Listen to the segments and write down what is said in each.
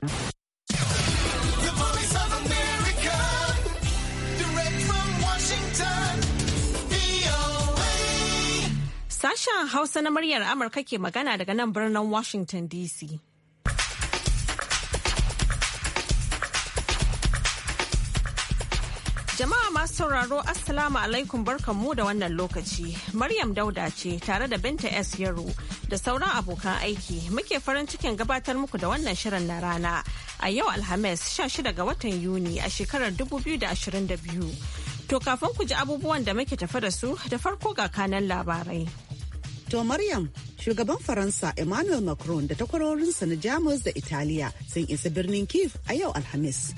The of America, Sashen Hausa na muryar Amurka ke magana daga nan birnin Washington DC. Jama'a masu sauraro Assalamu alaikum barkanmu da wannan lokaci. Maryam Dauda ce tare da Binta S Yaro da sauran abokan aiki muke farin cikin gabatar muku da wannan shirin na rana a yau Alhamis 16 ga watan Yuni a shekarar 2022. To kafin ku ji abubuwan da muke tafa da su da farko ga kanan labarai. To Maryam, shugaban Faransa Emmanuel Macron da takwarorinsa na Jamus da Italiya sun isa birnin Kiev a yau Alhamis.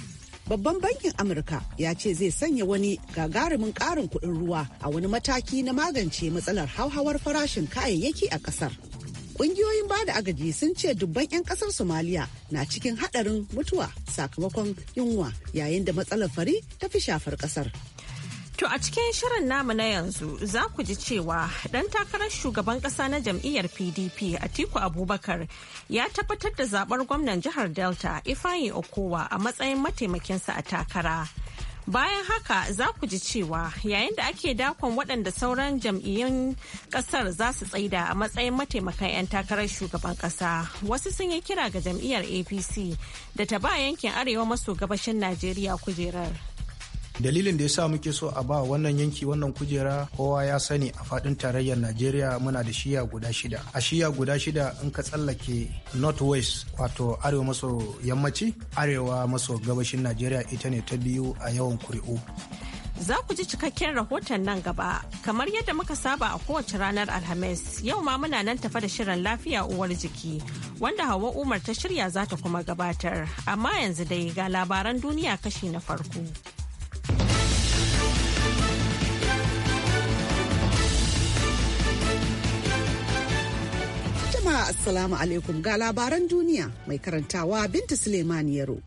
babban bankin amurka ya ce zai sanya wani gagarumin karin kuɗin ruwa a wani mataki na magance matsalar hauhawar farashin kayayyaki a ƙasar ƙungiyoyin ba da agaji sun ce dubban 'yan ƙasar somaliya na cikin haɗarin mutuwa sakamakon yunwa yayin da matsalar fari ta fi shafar ƙasar To a cikin shirin namu na yanzu za ku ji cewa ɗan takarar shugaban ƙasa na jam'iyyar PDP Atiku Abubakar ya tabbatar da zaɓar gwamnan jihar Delta ifayi Okowa a matsayin mataimakinsa a takara. Bayan haka za ku ji cewa yayin da ake dakon waɗanda sauran jam'iyyun ƙasar za su tsaida a matsayin mataimakan 'yan takarar shugaban ƙasa wasu sun yi kira ga jam'iyyar APC da ta ba yankin arewa maso gabashin Najeriya kujerar. dalilin da ya sa muke so a ba wannan yanki wannan kujera kowa ya sani a faɗin tarayyar najeriya muna da shiya guda shida a shiya guda shida in ka tsallake north west wato arewa maso yammaci arewa maso gabashin najeriya ita ne ta biyu a yawan kuri'u za ku ji cikakken rahoton nan gaba kamar yadda muka saba a kowace ranar alhamis yau ma muna nan tafa da shirin lafiya uwar jiki wanda hawa umar ta shirya za ta kuma gabatar amma yanzu dai ga labaran duniya kashi na farko jama'a assalamu alaikum ga labaran duniya mai karantawa Binta Suleiman Yaro.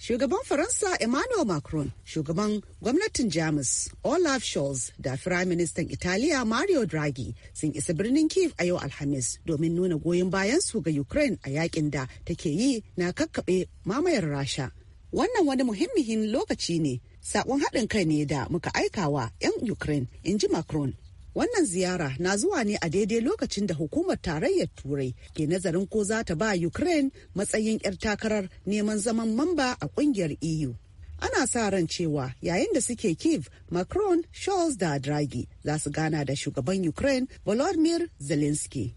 Shugaban Faransa Emmanuel Macron, shugaban gwamnatin Jamus Olaf Scholz da Firaministan Italiya Mario Draghi sun isa birnin Kiev a yau Alhamis domin nuna goyon bayan su ga Ukraine a yakin da take yi na kakkaɓe mamayar Rasha. Wannan wani muhimmihin lokaci ne, saƙon haɗin kai ne da muka aikawa 'yan Ukraine, in ji Macron. Wannan ziyara na zuwa ne a daidai lokacin da hukumar tarayyar Turai ke nazarin ko za ta ba Ukraine matsayin 'yar takarar neman zaman mamba a kungiyar EU. Ana sa ran cewa yayin da suke Kiev, Macron, Scholz da Draghi za su gana da shugaban Ukraine Volodymyr Zelensky.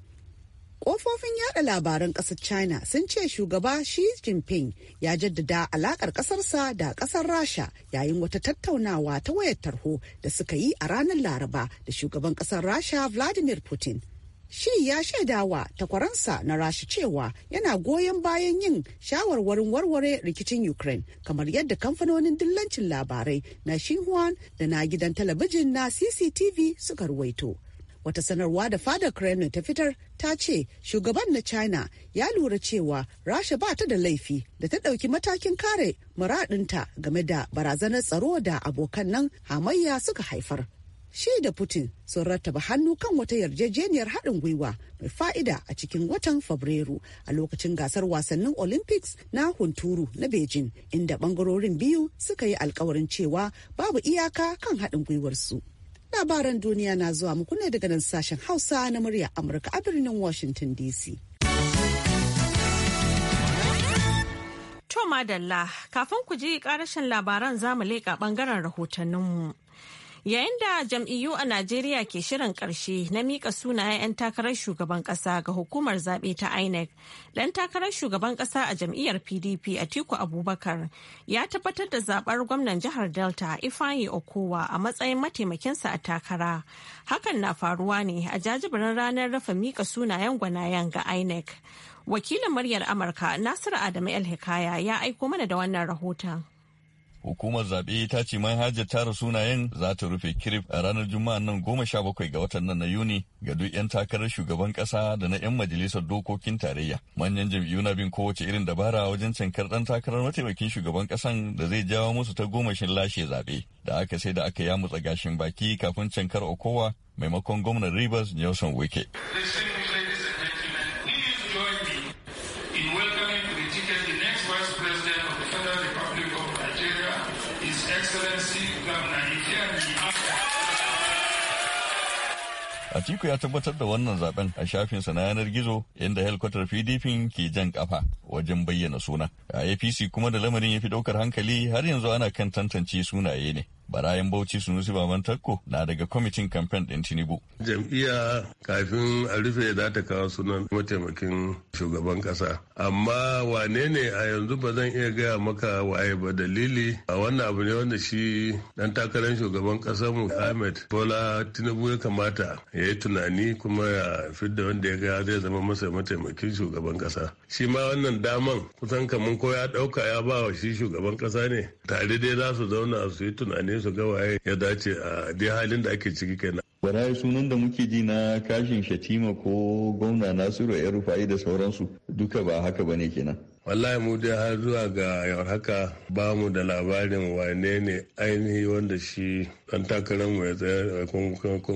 Kofofin yada labaran kasar China sun ce shugaba Xi Jinping ya jaddada alakar kasarsa da kasar Rasha yayin wata tattaunawa ta wayar tarho da suka yi a ranar Laraba da shugaban kasar Rasha Vladimir Putin. Shi ya shaidawa takwaransa na Rasha cewa yana goyon bayan yin shawarwarin warware rikicin Ukraine kamar yadda kamfanonin dillancin labarai na Xinhua da na gidan talabijin na CCTV suka ruwaito. wata sanarwa da fadar kremlin ta fitar ta ce shugaban na china ya lura cewa rasha ba ta da laifi da ta ɗauki matakin kare muradinta game da barazanar tsaro da abokan nan hamayya suka haifar shi da putin sun rattaba hannu kan wata yarjejeniyar haɗin gwiwa mai fa'ida a cikin watan fabrairu a lokacin gasar wasannin olympics na hunturu na beijing inda ɓangarorin biyu suka yi alkawarin cewa babu iyaka kan haɗin gwiwarsu. Labaran duniya na zuwa muku ne daga nan sashen Hausa na murya Amurka a birnin Washington DC. To madalla kafin ku ji karashin labaran zamu leƙa ɓangaren rahotanninmu. Yayin da jam'iyyu a Najeriya ke shirin karshe na mika sunayen 'yan takarar shugaban kasa ga hukumar zaɓe ta INEC, ɗan takarar shugaban kasa a jam'iyyar PDP Atiku Abubakar ya tabbatar da zaɓar gwamnan jihar Delta Ifeanyi Okowa a matsayin mataimakinsa a takara. Hakan na faruwa ne a jajibirin ranar rafa mika sunayen gwanayen ga INEC. Wakilin muryar Amurka Nasiru Adamu El Hikaya ya aiko mana da wannan rahoton. Hukumar zaɓe ta ce manhajar tara sunayen za ta rufe kirif a ranar Juma'a nan goma sha bakwai ga watan nan na Yuni ga duk 'yan takarar shugaban ƙasa da na 'yan majalisar dokokin tarayya. Manyan jam'iyyu na bin kowace irin dabara wajen cankar ɗan takarar mataimakin shugaban ƙasan da zai jawo musu ta goma shin lashe zaɓe. Da aka sai da aka mutsa gashin baki kafin cankar Okowa maimakon gwamnan Rivers Nelson Wike. Atiku ya tabbatar da wannan zaben a shafinsa na yanar gizo inda helkwatar PDP ke jan kafa wajen bayyana suna. A APC kuma da lamarin ya fi ɗaukar hankali har yanzu ana kan tantance sunaye ne. Barayin Bauchi Sunusi Baban Takko na daga kwamitin kamfen ɗin Tinubu. Jam'iyya kafin a rufe za ta kawo sunan mataimakin shugaban ƙasa. Amma wane ne a yanzu ba zan iya gaya maka waye ba dalili a wannan abu ne wanda shi dan takarar shugaban mu Ahmed Bola Tinubu ya kamata ya yi tunani kuma ya fidda wanda ya gaya zai zama masa mataimakin shugaban ƙasa. Shi ma wannan daman kusan kaman ko ya ɗauka ya ba wa shi shugaban ƙasa ne tare dai za su zauna su yi tunani ne su ga ya dace a dai halin da ake ciki kenan barayi sunan da muke ji na kashin shatima ko gwamna nasiru ya rufa da sauransu duka ba haka ba ne kenan wallahi mu dai har zuwa ga yawar haka ba mu da labarin wane ne ainihi wanda shi dan takararmu ya tsaya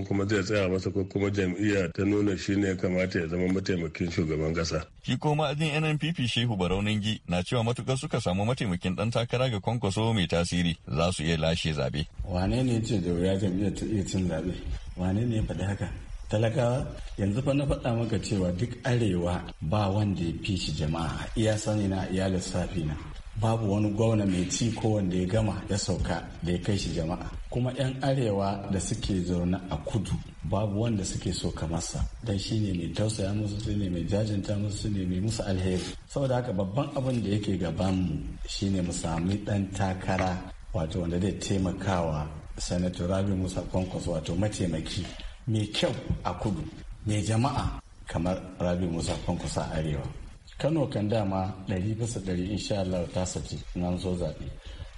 kuma zai tsaya masa ko kuma jam'iyya ta nuna shi ne kamata ya zama mataimakin shugaban kasa. shi ko ma'ajin nnpp shehu gi na cewa matukar suka samu mataimakin dan takara ga kwankwaso mai tasiri za su iya lashe zabe. wane ne ce da wuya jam'iyyar ta iya cin zabe wane ne ya faɗi haka talakawa yanzu fa na faɗa maka cewa duk arewa ba wanda ya fi shi jama'a iya sani na iya lissafi na babu wani gwamna mai ci ko wanda ya gama ya sauka da ya kai shi jama'a kuma 'yan arewa da suke zaune a kudu babu wanda suke so kamarsa don shi ne mai tausaya musu su ne mai jajinta musu su ne mai musu alheri saboda haka babban abin da yake gabanmu shine mu sami ɗan takara wato wanda zai taimakawa sanator rabi musa kwankwas wato mataimaki mai kyau a kudu mai jama'a kamar rabi musa fankusa arewa kano kan dama ɗari bisa ɗari insha Allah ta sace nan so zaɓe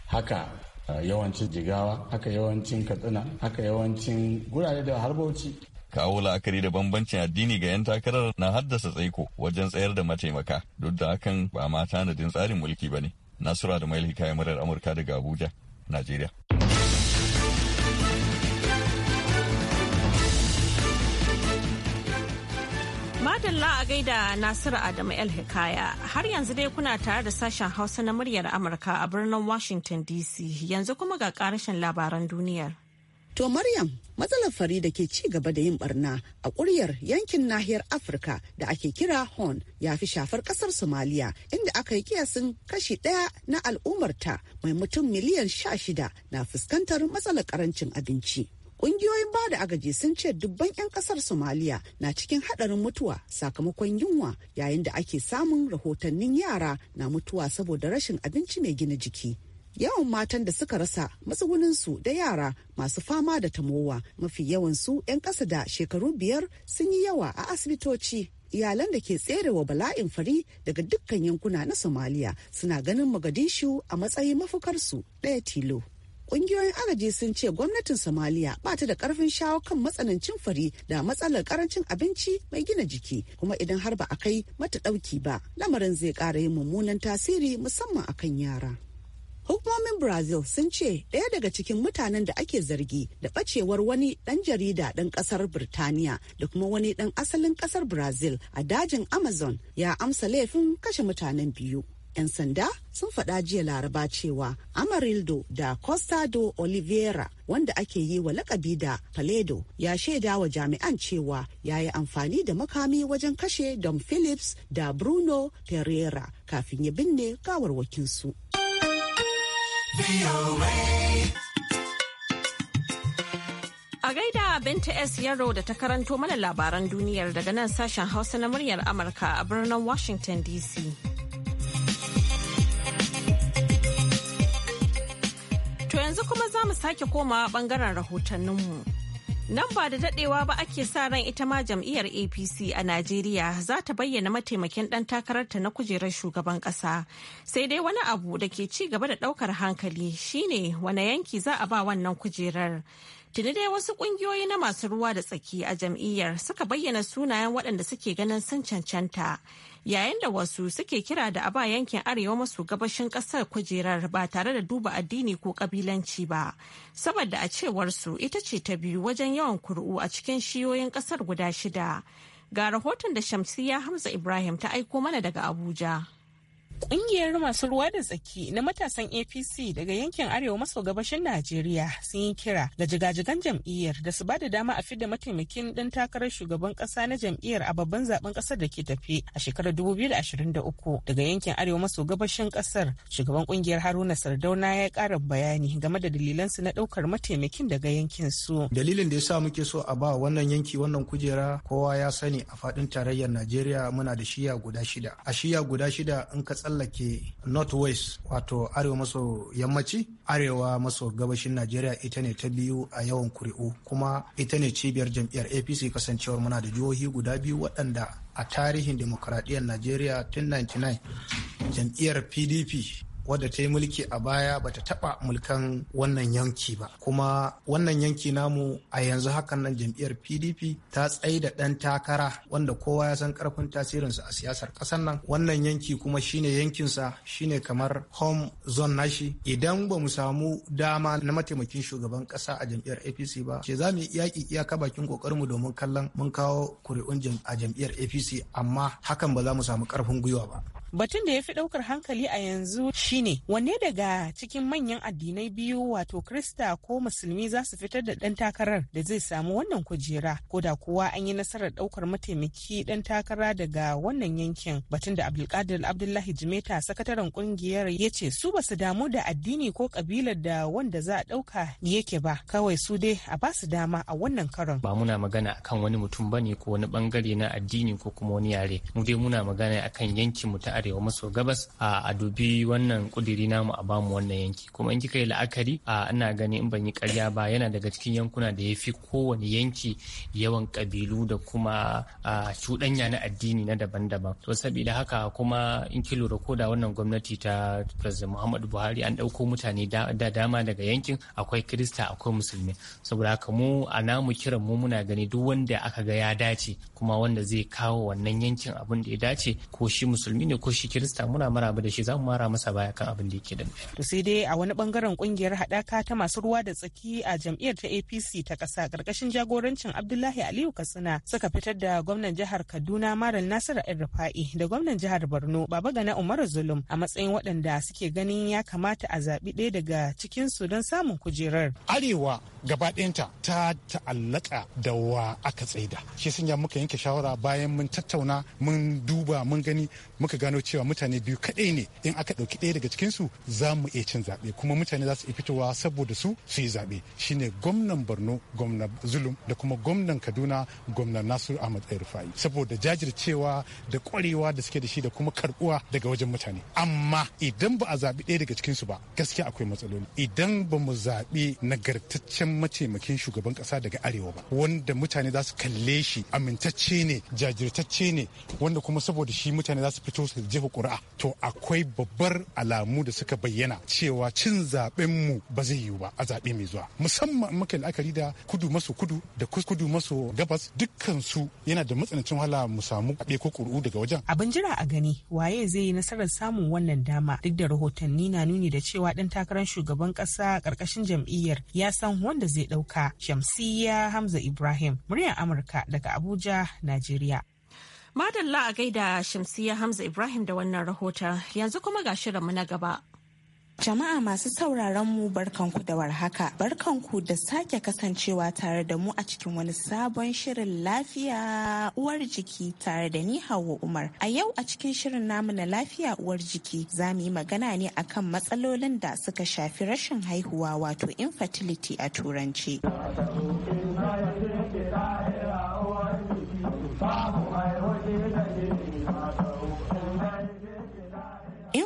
haka uh, yawancin jigawa haka yawancin katsina haka yawancin gurare da har kawo la'akari da bambancin addini ga 'yan takarar na haddasa tsaiko wajen tsayar da mataimaka duk da hakan ba ma tanadin tsarin mulki ba ne nasura da mail hikayar murar amurka daga abuja najeriya madalla a gaida Nasiru Adamu El Hikaya har yanzu dai kuna tare da sashen Hausa na muryar Amurka a birnin Washington DC yanzu kuma ga karashin labaran duniyar. To Maryam matsalar fari da ke ci gaba da yin barna a kuryar yankin nahiyar Afirka da ake kira Horn ya fi shafar kasar Somalia inda aka yi kiyasin kashi ɗaya na al'ummarta mai mutum miliyan sha shida na fuskantar matsalar karancin abinci. Ƙungiyoyin ba da agaji sun ce dubban 'yan kasar somaliya na cikin haɗarin mutuwa sakamakon yunwa yayin da ake samun rahotannin yara na mutuwa saboda rashin abinci mai gina jiki. Yawan matan da suka rasa matsuguninsu da yara masu fama da tamowa mafi yawansu 'yan kasa da shekaru biyar sun yi yawa a asibitoci iyalan da ke tserewa bala'in fari daga dukkan yankuna na somaliya suna ganin magadishu a matsayin mafukarsu ɗaya tilo kungiyoyin agaji sun ce gwamnatin somaliya ba ta da karfin shawo kan matsanancin fari da matsalar karancin abinci mai gina jiki kuma idan har ba a kai mata dauki ba lamarin zai kara yin mummunan tasiri musamman akan yara hukumomin brazil sun ce ɗaya daga cikin mutanen da ake zargi da ɓacewar wani ɗan jarida ɗan ƙasar birtaniya da kuma wani ɗan asalin ƙasar brazil a dajin amazon ya amsa laifin kashe mutanen biyu 'yan sanda sun faɗa jiya laraba cewa amarildo da costa do oliveira wanda ake yi wa lakabi da paledo ya shaida wa jami'an cewa ya yi amfani da makami wajen kashe don phillips da bruno pereira kafin ya binne gawarwakinsu A gaida Binta S Yaro da ta karanto mana labaran duniyar daga nan sashen Hausa na muryar Amurka a birnin Washington DC. To yanzu kuma za mu sake komawa bangaren rahotanninmu. Nan ba da dadewa ba ake sa ran ita ma jam'iyyar APC a Najeriya za ta bayyana mataimakin ɗan takararta na kujerar shugaban ƙasa. Sai dai wani abu da ke ci gaba da ɗaukar hankali shine wane yanki za a ba wannan kujerar. Tuni dai wasu ƙungiyoyi na masu ruwa da tsaki a jam'iyyar suka bayyana sunayen waɗanda suke ganin sun cancanta. yayin da wasu suke kira da a ba yankin arewa maso gabashin kasar kujerar ba tare da duba addini ko kabilanci ba saboda a cewar su ita ce ta biyu wajen yawan kuri'u a cikin shiyoyin kasar guda shida ga rahoton da shamsiya hamza ibrahim ta aiko mana daga abuja Ƙungiyar masu ruwa da tsaki na matasan APC daga yankin Arewa maso gabashin Najeriya sun yi kira ga jigajigan jam'iyyar da su ba da dama a fidda mataimakin dan takarar shugaban ƙasa na jam'iyyar a babban zaben ƙasar da ke tafi a shekarar 2023 daga yankin Arewa maso gabashin ƙasar. Shugaban ƙungiyar Haruna Sardauna ya kara bayani game da dalilansu na ɗaukar mataimakin daga yankin su. Dalilin da ya sa muke so a ba wannan yanki wannan kujera kowa ya sani a fadin tarayyar Najeriya muna da shiya guda shida. A shiya guda shida in ka tsallake West wato arewa maso yammaci arewa maso gabashin najeriya ita ne ta biyu a yawan kuri'u kuma ita ne cibiyar jam'iyyar apc kasancewar muna da jihohi guda biyu waɗanda a tarihin demokuraɗiyyar najeriya tun 99 jam'iyyar pdp wadda ta yi mulki a baya bata taɓa mulkan wannan yanki ba kuma wannan yanki namu a yanzu hakan nan jam'iyyar pdp ta tsaye da ɗan takara wanda kowa ya san karfin tasirinsa a siyasar ƙasar nan wannan yanki kuma shine yankinsa shine kamar home zone nashi idan ba mu samu dama na mataimakin shugaban ƙasa a jam'iyyar apc ba ke za mu yaƙi iyaka bakin ƙoƙarinmu domin kallon mun kawo kuri'un a jam'iyyar apc amma hakan ba za mu samu ƙarfin gwiwa ba Batun da ya fi ɗaukar hankali a yanzu shine wanne daga cikin manyan addinai biyu wato Krista ko Musulmi za su fitar da ɗan takarar da zai samu wannan kujera ko da kuwa an yi nasarar ɗaukar mataimaki ɗan takara daga wannan yankin batun da Abdulkadir Abdullahi Jimeta sakataren kungiyar ya ce su ba su damu da addini ko kabilar da wanda za a ɗauka yake ba kawai su dai a ba su dama a wannan karon. Ba muna magana akan wani mutum bane ko wani bangare na addini ko kuma wani yare mu dai muna magana akan yankin mu ta arewa maso gabas a dubi wannan kudiri namu a bamu wannan yanki kuma in kika yi la'akari a ina gani in ban yi karya ba yana daga cikin yankuna da ya fi kowane yanki yawan kabilu da kuma cuɗanya na addini na daban-daban to saboda haka kuma in ki lura ko da wannan gwamnati ta president muhammadu buhari an ɗauko mutane da dama daga yankin akwai kirista akwai musulmi saboda haka mu a namu kiran mu muna gani duk wanda aka ga ya dace kuma wanda zai kawo wannan yankin abin da ya dace ko shi musulmi ne ko shi kirista muna maraba da shi za mu mara masa baya kan abin da yake da to sai dai a wani bangaren kungiyar hadaka ta masu ruwa da tsaki a jam'iyyar ta APC ta kasa karkashin jagorancin Abdullahi Aliyu Katsina suka fitar da gwamnan jihar Kaduna Maral Nasiru Rufa'i da gwamnan jihar Borno Baba Gana Umaru Zulum a matsayin waɗanda suke ganin ya kamata a zaɓi ɗaya daga cikin su don samun kujerar. Arewa gaba ta ta'allaka da wa aka tsaida. Shi sun muka yanke shawara bayan mun tattauna mun duba mun gani muka gano cewa mutane biyu kaɗai ne in aka ɗauki ɗaya daga cikinsu za mu iya cin zaɓe kuma mutane za su iya fitowa saboda su su yi zaɓe shine gwamnan borno gwamnan zulum da kuma gwamnan kaduna gwamnan nasiru ahmad rufai saboda jajircewa da ƙwarewa da suke da shi da kuma karɓuwa daga wajen mutane amma idan ba a zaɓi ɗaya daga cikinsu ba gaskiya akwai matsaloli idan ba mu zaɓi nagartaccen mataimakin shugaban ƙasa daga arewa ba wanda mutane za su kalle shi amintacce ne jajirtacce ne wanda kuma saboda shi mutane za su fito su jefa ƙuri'a to akwai babbar alamu da suka bayyana cewa cin zaben mu ba zai yiwu ba a zaɓe mai zuwa musamman muka la'akari da kudu maso kudu da kudu maso gabas dukkan su yana da matsanancin wahala mu samu zaɓe ko ƙuri'u daga wajen. Abin jira a gani waye zai yi nasarar samun wannan dama duk da rahotanni na nuni da cewa ɗan takarar shugaban ƙasa ƙarƙashin jam'iyyar ya san wanda zai ɗauka Shamsiyya Hamza Ibrahim muryar Amurka daga Abuja, Najeriya. Madalla a gaida Shamsiya Hamza Ibrahim da wannan rahota, yanzu kuma ga shirinmu na gaba. Jama'a masu sauraron mu barkanku da warhaka. Barkanku da sake kasancewa tare da mu a cikin wani sabon shirin lafiya uwar jiki tare da ni Hauwa Umar. A yau a cikin shirin namu na lafiya uwar jiki za mu yi magana ne akan matsalolin da suka shafi rashin haihuwa wato infertility a turanci.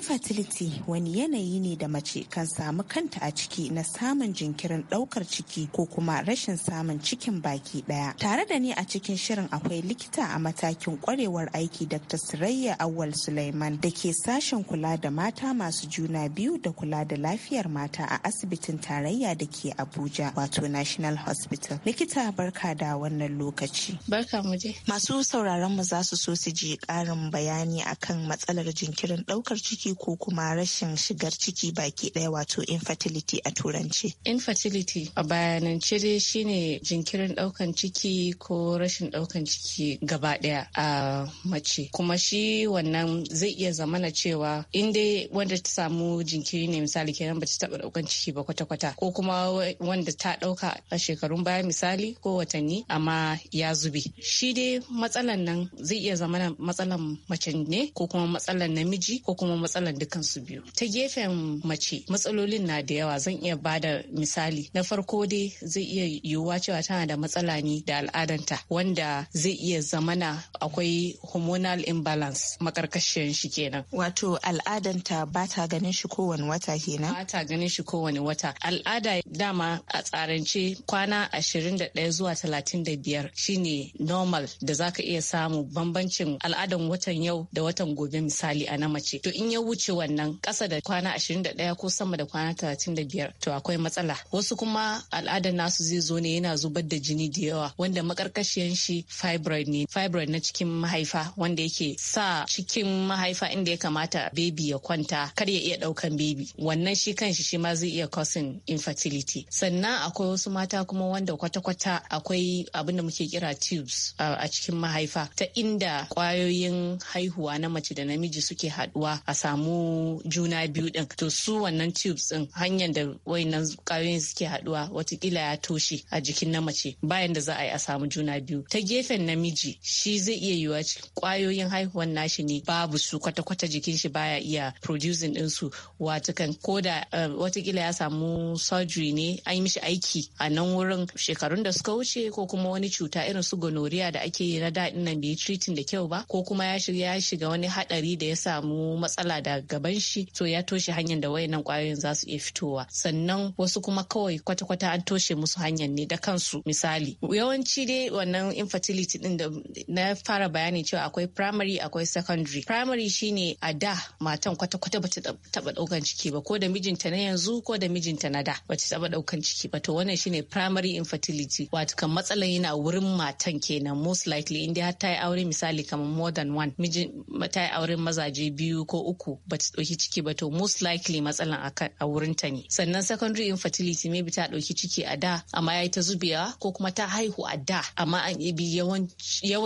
infertility wani yanayi ne da mace kan samu kanta a ciki na samun jinkirin ɗaukar ciki ko kuma rashin samun cikin baki ɗaya. Tare da ni a cikin shirin akwai likita a matakin kwarewar aiki Dr. Sirayya Awal Suleiman da ke sashen kula da mata masu juna biyu da kula da lafiyar mata a asibitin tarayya da ke Abuja wato National Hospital. Likita barka da wannan lokaci. Barka mu Masu sauraron mu za su so su ji ƙarin bayani akan matsalar jinkirin ɗaukar ciki ko kuma rashin shigar ciki baki ɗaya wato infertility a turanci. Infertility a bayanance dai shine jinkirin ɗaukan ciki ko rashin ɗaukan ciki gaba ɗaya a mace. Kuma shi wannan zai iya zamana cewa in dai wanda ta samu jinkiri ne misali kenan ba ta taɓa ɗaukan ciki ba kwata-kwata ko kuma wanda ta ɗauka a shekarun baya misali ko watanni amma ya zube. Shi dai matsalan nan zai iya zamana matsalan mace ne ko kuma matsalan namiji ko kuma matsalan matsalar dukan su biyu ta gefen mace matsalolin na da yawa zan iya bada misali na farko dai zai iya yiwuwa cewa tana da matsala ne da al'adanta wanda zai iya zamana akwai hormonal imbalance makarkashiyar shi kenan wato al'adanta ba ta ganin shi kowane wata kenan ba ta ganin shi kowane wata al'ada dama a tsarance kwana 21 zuwa 35 shine normal da za ka iya samu bambancin al'adan watan yau da watan gobe misali a na mace to in ya wuce wuce wannan ƙasa da kwana 21 ko sama da kwana 35 to akwai matsala wasu kuma al'adar nasu zai zo ne yana zubar da jini da yawa wanda makarkashiyan shi fibroid ne fibroid na cikin mahaifa wanda yake sa cikin mahaifa inda ya kamata baby ya kwanta kar ya iya daukan baby wannan shi kanshi shi ma zai iya causing infertility sannan akwai wasu mata kuma wanda kwata-kwata akwai abin da muke kira tubes a cikin mahaifa ta inda kwayoyin haihuwa na mace da namiji suke haɗuwa a samu samu juna biyu din to su wannan tubes din hanyar da wayannan kayoyin suke haduwa watakila ya toshe a jikin na mace bayan da za a yi a samu juna biyu ta gefen namiji shi zai iya yiwa kwayoyin haihuwan nashi ne babu su kwata-kwata jikin shi baya iya producing din su watakan koda eh, watakila ya samu surgery ne an yi mishi aiki a nan wurin shekarun da suka wuce ko kuma wani cuta irin su gonorrhea da ake yi na daɗin nan bai treating da kyau ba ko kuma ya shiga wani haɗari da ya samu matsala da gaban shi to ya toshe hanyar da wayannan kwayoyin za su iya fitowa sannan wasu kuma kawai kwata-kwata an toshe musu hanyar ne da kansu misali yawanci dai wannan infertility din da na fara bayani cewa akwai primary akwai secondary primary shine a da matan kwata-kwata bata taba daukan ciki ba ko da mijinta na yanzu ko da mijinta na da bata taba daukan ciki ba to wannan shine primary infertility wato kan matsalan yana wurin matan kenan most likely in dai har ta yi aure misali kamar more than one mijin ta yi auren mazaje biyu ko uku ba ɗauki ciki ba to most likely matsalan a wurin ta ne sannan secondary infertility maybe ta ɗauki ciki a da amma yayi ta zubewa ko kuma ta haihu a da amma an bi yawan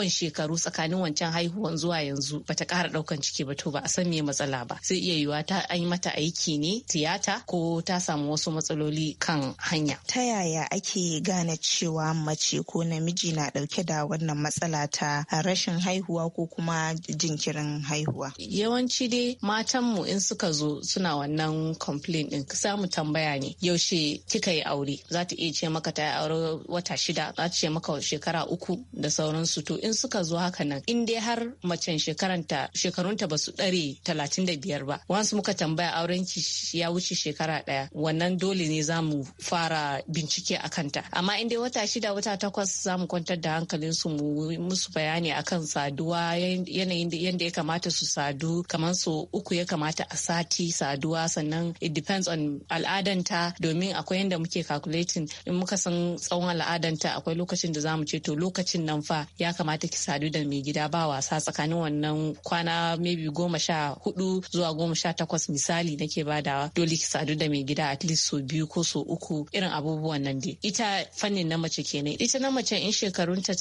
shekaru tsakanin wancan haihuwan zuwa yanzu ba ta ƙara ɗaukan ciki ba to ba a san me matsala ba sai iya yiwuwa ta an yi mata aiki ne tiyata ko ta samu wasu matsaloli kan hanya. Ta yaya ake gane cewa mace ko namiji na ɗauke da wannan matsala ta rashin haihuwa ko kuma jinkirin haihuwa? Yawanci dai mata matan mu in suka zo suna wannan complain din za mu tambaya ne yaushe kika yi aure za ta iya ce maka ta yi aure wata shida za ta ce maka shekara uku da sauransu to in suka zo haka nan in dai har macen shekaranta shekarunta ba su ɗare talatin da biyar ba wasu muka tambaya auren ki ya wuce shekara ɗaya wannan dole ne za mu fara bincike a kanta amma in dai wata shida wata takwas za mu kwantar da hankalin su mu musu bayani akan saduwa yanayin yadda ya kamata su sadu kamar su uku uku ya kamata a sati saduwa sannan it depends on al'adanta domin akwai yadda muke calculating in muka san tsawon al'adanta akwai lokacin da zamu ce to lokacin nan fa ya kamata ki sadu da mai gida ba wasa tsakanin wannan kwana maybe goma sha hudu zuwa goma sha takwas misali nake badawa dole ki sadu da mai gida at least so biyu ko so uku irin abubuwan nan dai ita fannin na mace kenan ita na mace in shekarunta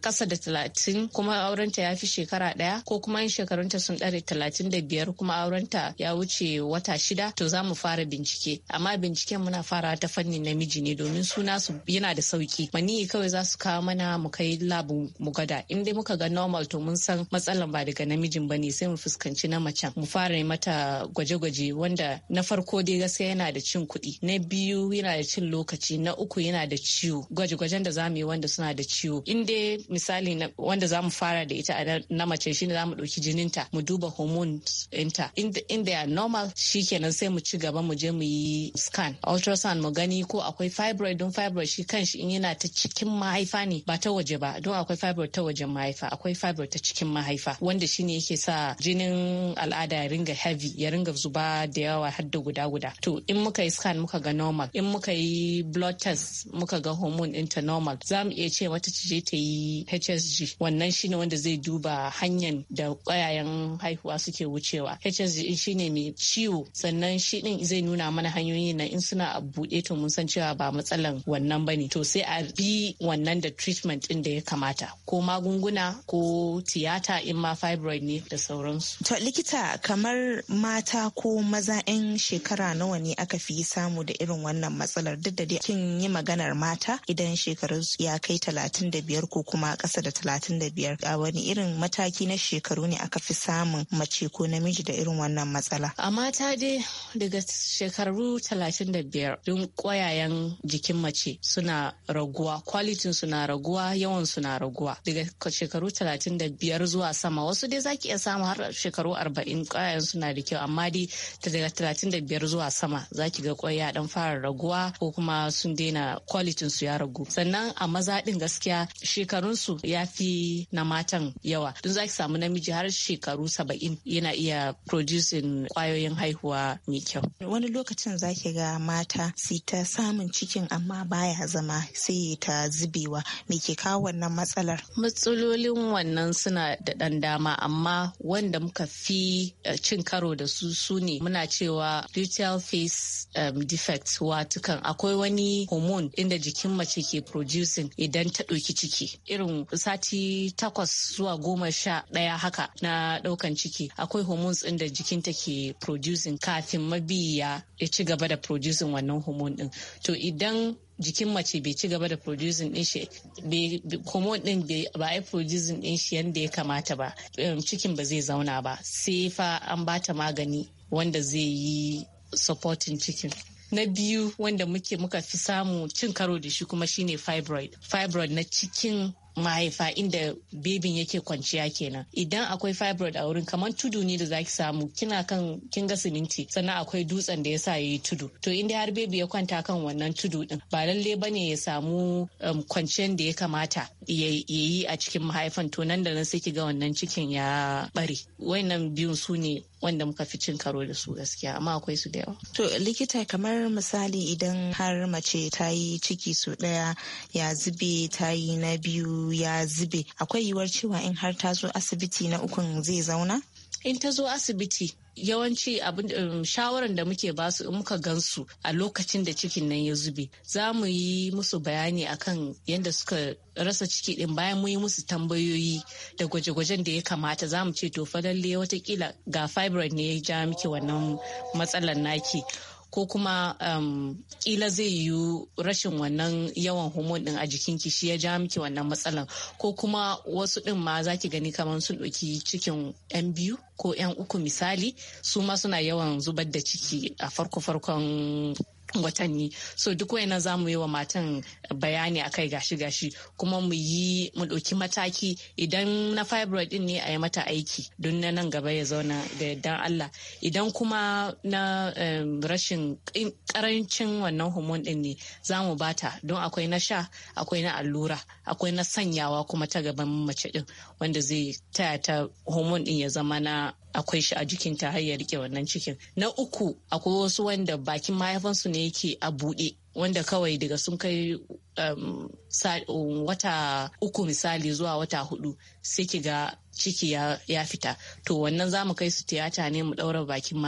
kasa eh, da talatin kuma aurenta ya fi shekara daya ko kuma in shekarunta sun dare talatin da biyar kuma auren ta ya wuce wata shida to za mu fara bincike amma binciken muna fara ta fannin namiji ne domin suna su yana da sauki maniyi kawai za su kawo mana mu kai labu mu gada in dai muka ga normal to mun san matsalan ba daga namijin ba ne sai mu fuskanci na macen mu fara mata gwaje-gwaje wanda na farko dai gaskiya yana da cin kuɗi na biyu yana da cin lokaci na uku yana da ciwo gwaje-gwajen da za mu yi wanda suna da ciwo in dai misali wanda za mu fara da ita a na mace shi shine mu ɗauki jininta mu duba hormones ɗinta in they are normal shikenan sai mu ci gaba mu je mu yi scan ultrasound mu gani ko akwai fibroid don fibroid shi kanshi in yana ta cikin mahaifa ne ba ta waje ba don akwai fibroid ta wajen mahaifa akwai fibroid ta cikin mahaifa wanda shine yake sa jinin al'ada ya ringa heavy ya ringa zuba da yawa har da guda guda to in muka yi scan muka ga normal in muka yi blood test muka ga hormone ɗinta normal za mu iya ce mata je ta yi hsg wannan shine wanda zai duba hanyar da ƙwayayen haihuwa suke wuce cewa hsg shine mai ciwo sannan shi din zai nuna mana hanyoyin na in suna a buɗe to mun san cewa ba matsalan wannan ba ne to sai a bi wannan da treatment din da ya kamata ko magunguna ko tiyata in ma fibroid ne da sauransu to likita kamar mata ko maza 'yan shekara nawa ne aka fi samu da irin wannan matsalar duk da dai kin yi maganar mata idan shekarun ya kai talatin da biyar ko kuma ƙasa da talatin da biyar a wani irin mataki na shekaru ne aka fi samun mace ko na namiji da irin wannan matsala a mata dai daga shekaru 35 don kwayayen jikin mace suna raguwa kwalitin suna raguwa yawan suna raguwa daga shekaru 35 zuwa sama wasu dai zaki iya samu har shekaru 40 kwayayen suna da kyau amma dai daga 35 zuwa sama zaki ga kwaya dan fara raguwa ko kuma sun daina kwalitin su ya ragu sannan a maza din gaskiya shekarun su ya fi na matan yawa don zaki samu namiji har shekaru 70 yana iya iya producing kwayoyin haihuwa mai kyau. Wani lokacin zaki ga mata sita, ta samun cikin amma baya zama sai ta zubewa me ke kawo wannan matsalar. Matsalolin wannan suna da ɗan dama amma wanda muka fi eh, cin karo da su su ne muna cewa luteal face um, defect watukan akwai wani hormone inda jikin mace ke producing idan ta ɗauki ciki irin sati takwas zuwa goma sha ɗaya haka na ɗaukan ciki akwai hormones ɗin da jikin ta ke producing kafin mabiya ya ci gaba da producing wannan hormone ɗin to idan jikin mace bai ci gaba da producing din shi hormone din ba a producing din shi yadda ya kamata ba um, cikin ba zai zauna ba sai fa an bata magani wanda zai yi supporting cikin na biyu wanda muke muka fi samu cin karo da shi kuma shine fibroid fibroid na cikin mahaifa inda bebin yake kwanciya kenan idan akwai fibroid a wurin kamar tudu ne da zaki samu kina kan kin ga siminti sannan akwai dutsen da yasa yayi tudu to inda har bebi ya kwanta kan wannan tudu din ba lalle bane ya samu um, kwanciyar da ya kamata yayi a cikin mahaifan to nan da nan sai ki ga wannan cikin ya bare wayannan biyun su ne wanda muka fi cin karo da su gaskiya amma akwai su da yawa. To likita kamar misali idan har mace ta yi ciki su ɗaya ya zube ta yi na biyu ya zube akwai yiwuwar cewa in har ta zo asibiti na ukun zai zauna in ta zo asibiti yawanci abin um, shawaran da muke basu in muka gansu a lokacin da cikin nan ya zube za mu yi musu bayani akan yadda suka rasa ciki din bayan mu yi musu tambayoyi da gwaje-gwajen da ya kamata za mu ce to fa lalle watakila ga fibroid ne ya ja miki wannan matsalar naki ko kuma um, kila zai yiwu rashin wannan yawan homon din a jikinki shi ya ja miki wannan matsalan ko kuma wasu din ma za ki gani kamar sun ɗauki cikin yan biyu ko yan uku misali su ma suna yawan zubar da ciki a farko-farkon watanni so duk wayannan za mu yi wa matan bayani akai gashi gashi kuma mu yi mu ɗauki mataki idan na fibroid din ne a yi mata aiki don na nan gaba ya zauna da yardan Allah idan kuma na rashin karancin wannan hormone din ne za mu bata don akwai na sha akwai na allura akwai na sanyawa kuma ta gaban mace din wanda zai taya ta hormone din ya zama na akwai shi a jikin ta har ya rike wannan cikin na uku akwai wasu wanda bakin mahaifansu ne yake a buɗe wanda kawai daga sun kai um, um, wata uku misali zuwa wata hudu sai ki ga ciki ya, fita to wannan za mu kai su tiyata ne mu ɗaura bakin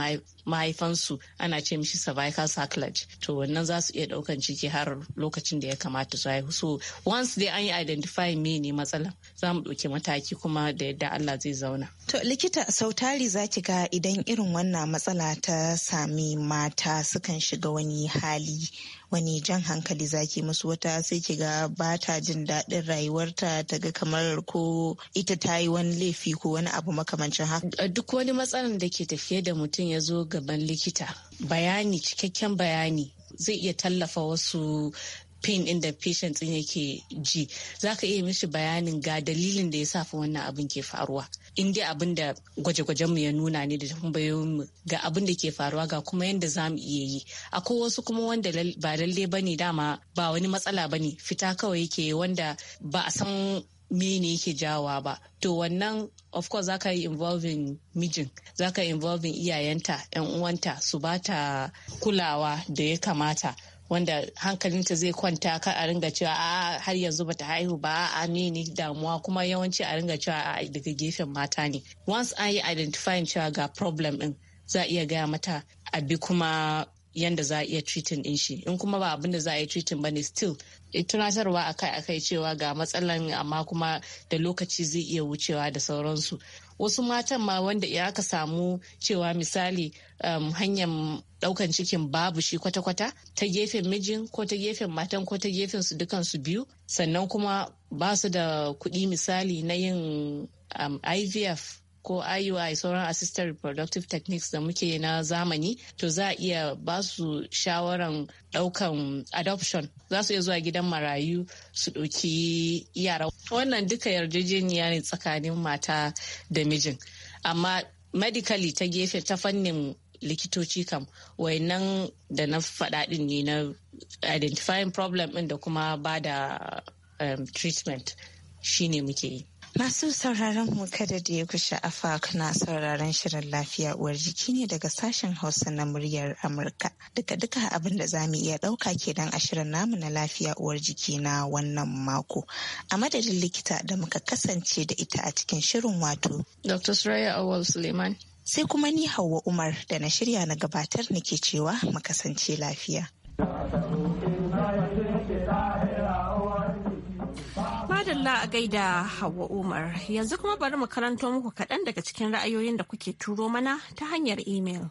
mahaifansu ana ce mishi cervical sacrilege to wannan za su iya daukan ciki har lokacin da ya kamata su haihu so once dai an yi identify me ne matsalan za mu ɗauki mataki kuma da yadda Allah zai zauna. To likita sautari za ki ga idan irin wannan matsala ta sami mata sukan shiga wani hali wani jan hankali zaki musu wata sai ki ga ba ta jin daɗin rayuwarta ta ga kamar ko ita ta yi wani laifi ko wani abu makamancin haka. Duk wani matsalan da ke tafiye da mutum ya zo ga gaban likita bayani cikakken bayani zai iya tallafa wasu pain in da patient din yake ji zaka iya mishi bayanin ga dalilin da ya safa wannan abin ke faruwa in dai abin da gwaje-gwajen mu ya nuna ne da tambayoyin mu ga abin da ke faruwa ga kuma yadda za mu iya yi akwai wasu kuma wanda ba lalle bane dama ba wani matsala bane fita kawai yake wanda ba a san mene yake jawa ba to wannan of course za ka yi involving mijin za ka yi involving iyayenta yan uwanta su ba ta kulawa da ya kamata wanda hankalinta zai kwanta kar a ringa cewa a har yanzu bata haihu ba a ne damuwa kuma yawanci a ringa cewa a daga gefen mata ne once an yi identifying cewa ga problem din za iya gaya mata a bi kuma yanda za a iya treating din shi in kuma ba abinda za a yi treating ne still Eh, tunatarwa akai-akai cewa ga matsalan amma kuma da lokaci zai iya wucewa da sauransu wasu matan ma wanda ya aka samu cewa misali um, hanyar daukan cikin babu shi kwata-kwata ta gefen mijin ko ta gefen matan ko ta gefen su dukansu biyu sannan kuma ba su da kuɗi misali na yin um, ivf ko IUI sauran assisted reproductive techniques da muke na zamani to za a iya ba su shawaran daukan adoption za su iya zuwa gidan marayu su ɗauki yara wannan duka yarjejeniya ne tsakanin mata da mijin amma medically ta gefe ta fannin likitoci kam wayannan da na faɗaɗin ne na identifying problem ɗin da kuma ba da um, treatment shine muke yi Masu sauraron mu kada da ya kusha afa kana sauraron shirin lafiya uwar jiki ne daga sashen Hausa na muryar Amurka. Duka duka abin da za mu iya ɗauka kenan a shirin namu na lafiya uwar jiki na wannan mako. A madadin likita da muka kasance da ita a cikin shirin wato. Dr. Suraya Awal Suleiman. Sai kuma ni Hauwa Umar da na shirya na gabatar nake cewa mu kasance lafiya. madalla a gaida Hauwa Umar. Yanzu kuma bari mu karanto muku kaɗan daga cikin ra'ayoyin da kuke turo mana ta hanyar imel.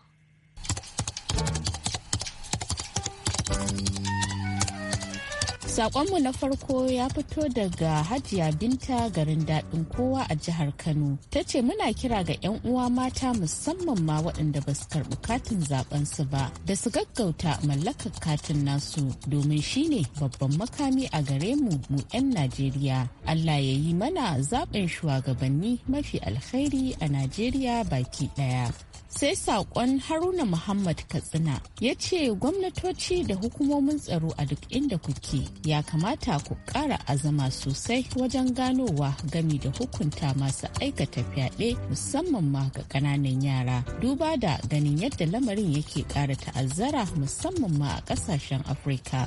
Sakonmu na farko ya fito daga Hajiya Binta garin daɗin kowa a jihar Kano. Ta ce muna kira ga 'yan uwa mata musamman ma waɗanda ba su karɓi katin zaben su ba da su gaggauta mallakar katin nasu domin shi ne babban makami a gare mu mu 'yan Najeriya. Allah ya yi mana zaɓin shugabanni mafi alkhairi a Najeriya baki ɗaya. sai saƙon haruna muhammad katsina ya ce gwamnatoci da hukumomin tsaro a duk inda kuke ya kamata ku ƙara azama sosai wajen ganowa gami da hukunta masu aikata fyaɗe musamman ma ga ƙananan yara duba da ganin yadda lamarin yake ƙara ta'azzara musamman ma a ƙasashen afirka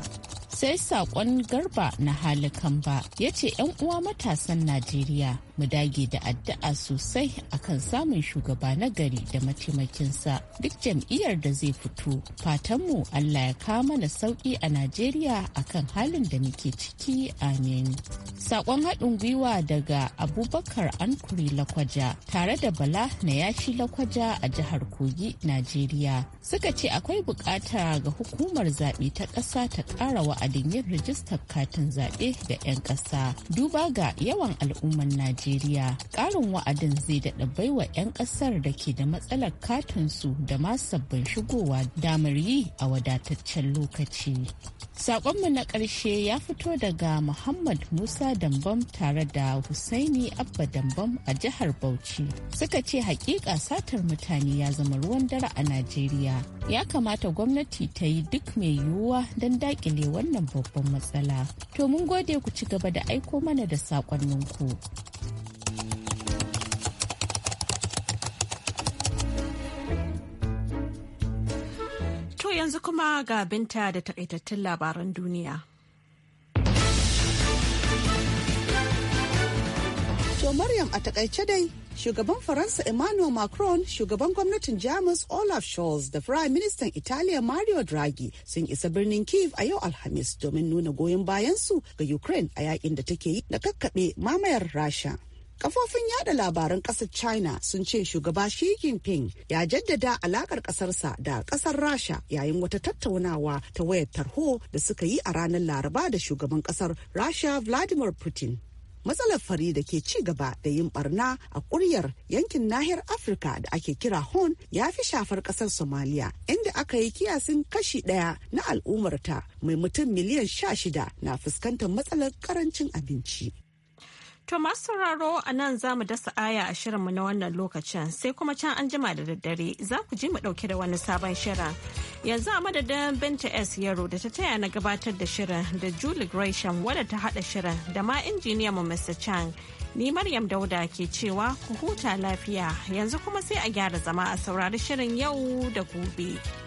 sai saƙon garba na halikan ba ya ce 'yan uwa matasan najeriya mu dage da addu'a sosai akan samun shugaba na gari da mataimaka mataimakinsa duk jam'iyyar da zai fito fatanmu allah ya kawo mana sauki a najeriya akan halin da muke ciki amin sakon haɗin gwiwa daga abubakar ankuri lakwaja tare da bala na yashi lakwaja a jihar kogi najeriya suka ce akwai bukata ga hukumar zaɓe ta ƙasa ta ƙara wa'adin yin rijistar katin zaɓe ga 'yan ƙasa duba ga yawan al'umman najeriya ƙarin wa'adin zai daɗa baiwa 'yan ƙasar da ke da matsalar bukatunsu da ma sabbin shigowa damar yi a wadataccen lokaci. saƙonmu na ƙarshe ya fito daga Muhammad Musa Dambam tare da Husaini Abba Dambam a jihar Bauchi. Suka ce hakika satar mutane ya zama ruwan dare a Najeriya. Ya kamata gwamnati ta yi duk mai yiwuwa don daƙile wannan babban matsala. To mun gode ku ci gaba da aiko mana da sakonninku. yanzu kuma ga binta da takaitattun labaran duniya. To Maryam a takaice dai shugaban Faransa Emmanuel Macron, shugaban gwamnatin Jamus Olaf Scholz da Prime Minister Italiya Mario Draghi sun isa birnin Kiev a yau Alhamis domin nuna goyon bayansu ga Ukraine a yakin da take yi na kakkaɓe mamayar Rasha. Kafofin yada labaran ƙasar China sun ce shugaba Xi Jinping ya jaddada alakar ƙasarsa da ƙasar Rasha yayin wata tattaunawa ta wayar tarho da suka yi a ranar Laraba da shugaban ƙasar Rasha Vladimir Putin. matsalar fari da ke ci gaba da yin barna a ƙuryar yankin nahiyar afirka da ake kira horn ya fi shafar ƙasar Somalia, inda aka yi kiyasin kashi ɗaya na al'ummarta mai mutum miliyan sha shida na fuskantar matsalar ƙarancin abinci To masu sauraro a nan za mu dasa aya a shirinmu na wannan lokacin sai kuma can an jima da daddare za ku ji mu ɗauke da wani sabon shirin. Yanzu a madadin Binta S Yaro da ta taya na gabatar da shirin da Julie Gresham wadda ta haɗa shirin da ma injiniya mu Mr. Chang. Ni Maryam Dauda ke cewa ku huta lafiya yanzu kuma sai a gyara zama a saurari shirin yau da gobe.